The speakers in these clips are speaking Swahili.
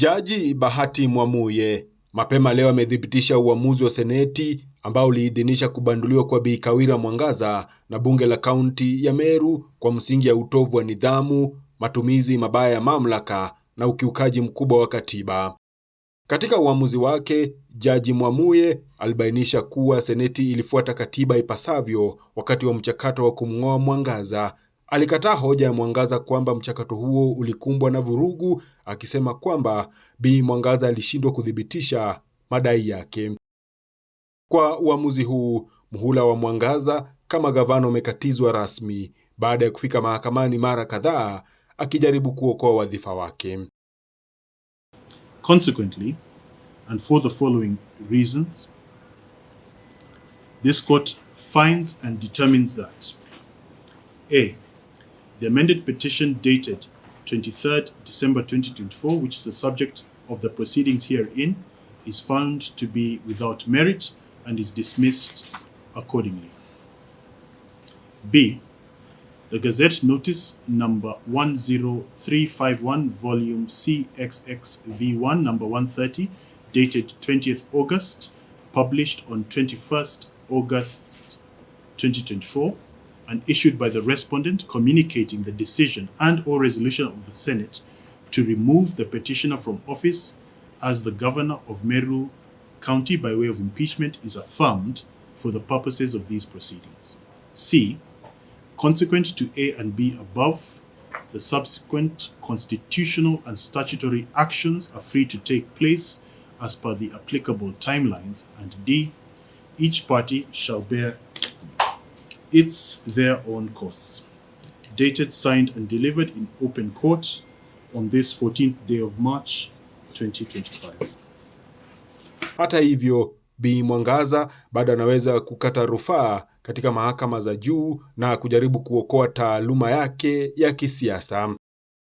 Jaji Bahati Mwamuye mapema leo amethibitisha uamuzi wa Seneti ambao uliidhinisha kubanduliwa kwa Bi Kawira Mwangaza na bunge la kaunti ya Meru kwa msingi ya utovu wa nidhamu, matumizi mabaya ya mamlaka na ukiukaji mkubwa wa katiba. Katika uamuzi wake, Jaji Mwamuye alibainisha kuwa Seneti ilifuata katiba ipasavyo wakati wa mchakato wa kumng'oa Mwangaza Alikataa hoja ya Mwangaza kwamba mchakato huo ulikumbwa na vurugu, akisema kwamba Bi Mwangaza alishindwa kuthibitisha madai yake. Kwa uamuzi huu, muhula wa Mwangaza kama gavana umekatizwa rasmi baada ya kufika mahakamani mara kadhaa akijaribu kuokoa wadhifa wake. Consequently, and for the following reasons, this court finds and determines that A. The amended petition dated 23rd December 2024, which is the subject of the proceedings herein, is found to be without merit and is dismissed accordingly. B. The Gazette Notice number 10351, volume CXXV1, number 130, dated 20th August, published on 21st August 2024 and issued by the respondent communicating the decision and or resolution of the Senate to remove the petitioner from office as the governor of Meru County by way of impeachment is affirmed for the purposes of these proceedings. C, consequent to A and B above, the subsequent constitutional and statutory actions are free to take place as per the applicable timelines, and D, each party shall bear its their own costs. Dated, signed, and delivered in open court on this 14th day of March 2025. Hata hivyo, Bi Mwangaza bado anaweza kukata rufaa katika mahakama za juu na kujaribu kuokoa taaluma yake ya kisiasa.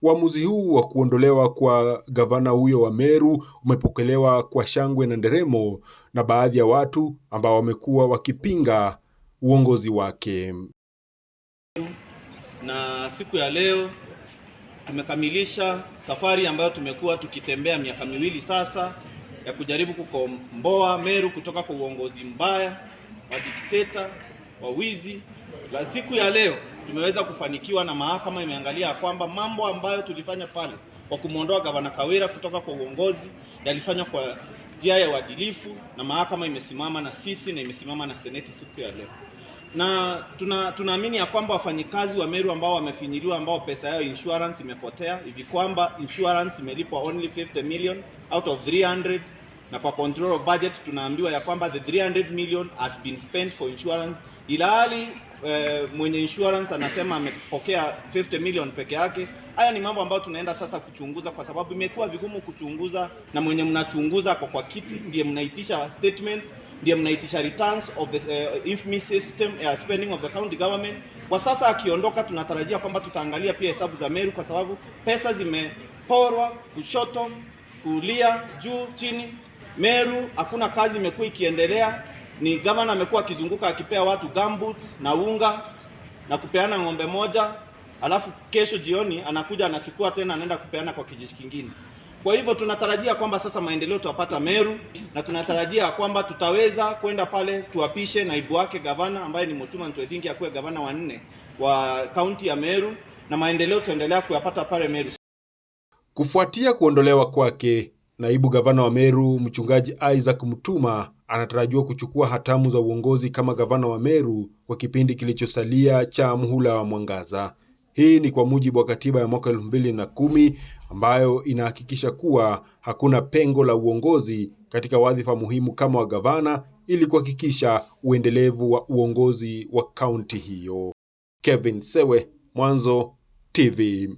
Uamuzi huu wa kuondolewa kwa gavana huyo wa Meru umepokelewa kwa shangwe na nderemo na baadhi ya watu ambao wamekuwa wakipinga uongozi wake. Na siku ya leo tumekamilisha safari ambayo tumekuwa tukitembea miaka miwili sasa ya kujaribu kukomboa Meru kutoka kwa uongozi mbaya wa dikteta wa wizi. La siku ya leo tumeweza kufanikiwa, na mahakama imeangalia kwamba mambo ambayo tulifanya pale kwa kumwondoa gavana Kawira kutoka kwa uongozi yalifanywa kwa njia ya uadilifu, na mahakama imesimama na sisi na imesimama na seneti siku ya leo, na tuna tunaamini ya kwamba wafanyikazi wa Meru ambao wamefinyiliwa, ambao pesa yao insurance imepotea hivi kwamba insurance imelipwa only 50 million out of 300 na kwa control of budget tunaambiwa ya kwamba the 300 million has been spent for insurance ilali eh, mwenye insurance anasema amepokea 50 million peke yake. Haya ni mambo ambayo tunaenda sasa kuchunguza, kwa sababu imekuwa vigumu kuchunguza, na mwenye mnachunguza kwa kwa kiti ndiye mnaitisha statements, ndiye mnaitisha returns of the uh, eh, IFMI system uh, spending of the county government. Kwa sasa akiondoka, tunatarajia kwamba tutaangalia pia hesabu za Meru, kwa sababu pesa zimeporwa kushoto, kulia, juu, chini. Meru hakuna kazi imekuwa ikiendelea ni gavana amekuwa akizunguka akipea watu gumboots na unga na kupeana ng'ombe moja, alafu kesho jioni anakuja anachukua tena anaenda kupeana kwa kijiji kingine. Kwa hivyo tunatarajia kwamba sasa maendeleo tutapata Meru, na tunatarajia kwamba tutaweza kwenda pale tuapishe naibu wake gavana ambaye ni Mutuma Ntwethingi akuwe gavana wa nne wa kaunti ya Meru, na maendeleo tutaendelea kuyapata pale Meru. Kufuatia kuondolewa kwake Naibu gavana wa Meru Mchungaji Isaac Mutuma anatarajiwa kuchukua hatamu za uongozi kama gavana wa Meru kwa kipindi kilichosalia cha mhula wa Mwangaza. Hii ni kwa mujibu wa katiba ya mwaka elfu mbili na kumi ambayo inahakikisha kuwa hakuna pengo la uongozi katika wadhifa muhimu kama wa gavana ili kuhakikisha uendelevu wa uongozi wa kaunti hiyo. Kevin Sewe, Mwanzo TV.